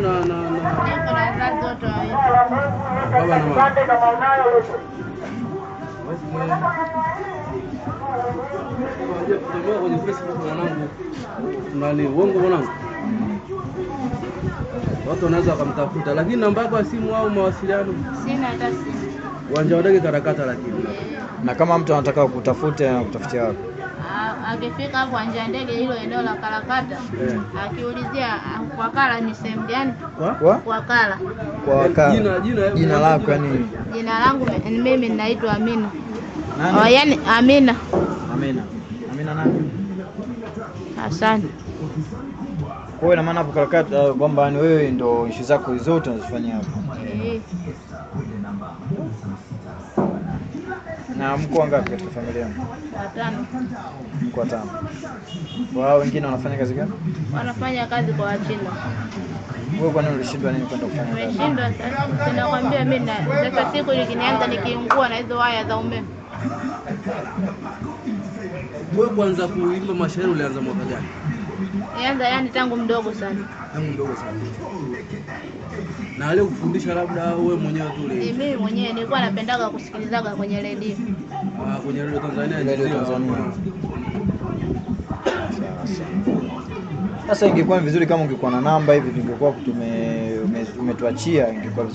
na na baba na mama nani uongo mwanangu, watu wanaweza wakamtafuta, lakini namba yako ya simu au mawasiliano? Sina hata simu. Uwanja wa ndege karakata, lakini na kama mtu anataka kutafute na wapi? akifika hapo anja ndege hilo eneo la Karakata eh. akiulizia ah, Kwakala ni sehemu gani? kwa eh, kala Jina lako yani? Jina langu mimi ninaitwa Amina. Nani? Oh, yani Amina. Amina. Amina nani? Asante. Kwa hiyo ina maana hapo Karakata eh, kwamba ni wewe ndo ishi zako zote unazifanyia hapo. Eh. Na mko wangapi katika familia yenu? Watano. Mko watano. Wao wengine wanafanya kazi gani? Wanafanya kazi kwa Wachina. Wewe kwa nini ulishindwa nini kwenda kufanya kazi? Nimeshindwa sasa. Ninakwambia mimi na sasa siku nikianza nikiungua na hizo waya za umeme. Wewe kwanza kuimba mashairi ulianza mwaka gani? Nianza yani tangu mdogo sana. Tangu mdogo sana na kufundisha labda wewe mwenyewe tu leo. Mimi mwenyewe nilikuwa napendaga kusikilizaga kwenye redio. Ah, kwenye redio Tanzania. Redio Tanzania. Sasa ingekuwa vizuri kama ungekuwa na namba hivi, tungekuwa tumetuachia, ingekuwa